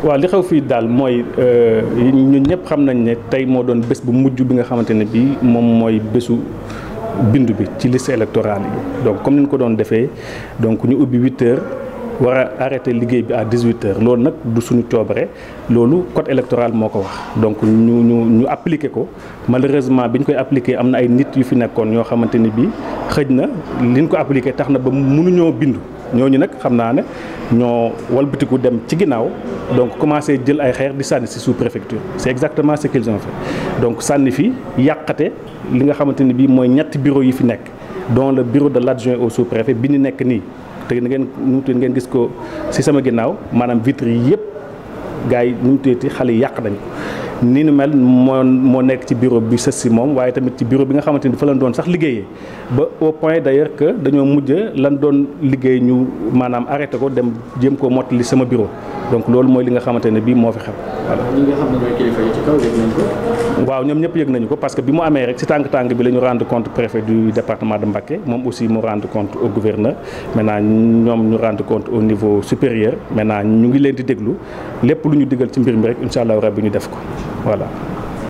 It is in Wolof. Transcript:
waaw li xew fii daal mooy euh, ñun ñëpp xam nañ ne tey moo doon bés bu mujj bi nga xamante ne bii moom mooy bésu bindu bi ci liste électorale yi donc comme ni ñu ko doon defee donc ñu ubbi 8 war a arrêté liggéey bi à 18 heures loolu nag du suñu coobare loolu code électoral moo ko wax donc ñu ñu ñu appliqué ko malheureusement bi ñu koy appliqué am na ay nit yu fi nekkoon ñoo xamante ni bii xëj na liñ ko appliqué tax na ba mënuñoo bindu ñooñu nag xam naa ne ñoo walbatiku dem ci ginnaaw donc commencé jël ay xeer di sànni si sous préfecture c' exactement ce qu' ils ont donc sànni fi yàqate li nga xamante ni bii mooy ñetti bureau yi fi nekk dont le bureau de l' adjoint au sous préfet bi ñu nekk nii te ngeen nu ngeen gis ko si sama ginnaaw maanaam vitres yi yëpp gars yi nu ti tuddati xale yi yàq nañu ni nu mel moo moo nekk ci bureau bi sës si moom waaye tamit ci bureau bi nga xamante ni fa lañ doon sax liggéeyee ba au point d'ailleurs que dañoo mujj lan doon liggéey ñu maanaam arrêté ko dem jëm koo mottali sama bureau donc loolu mooy li nga xamante ne bii moo fi xew voilà. ñi waaw ñoom ñëpp yëg nañu ko parce que bi mu amee rek si tàng tàng bi la ñu rendre compte préfet du département de Mbacké moom aussi mu rendre compte au gouverneur maintenant ñoom ñu rendre compte au niveau supérieur maintenant ñu ngi leen di déglu lépp lu ñu digal ci mbir mi rek incha allah rabbi ñu def ko. voilà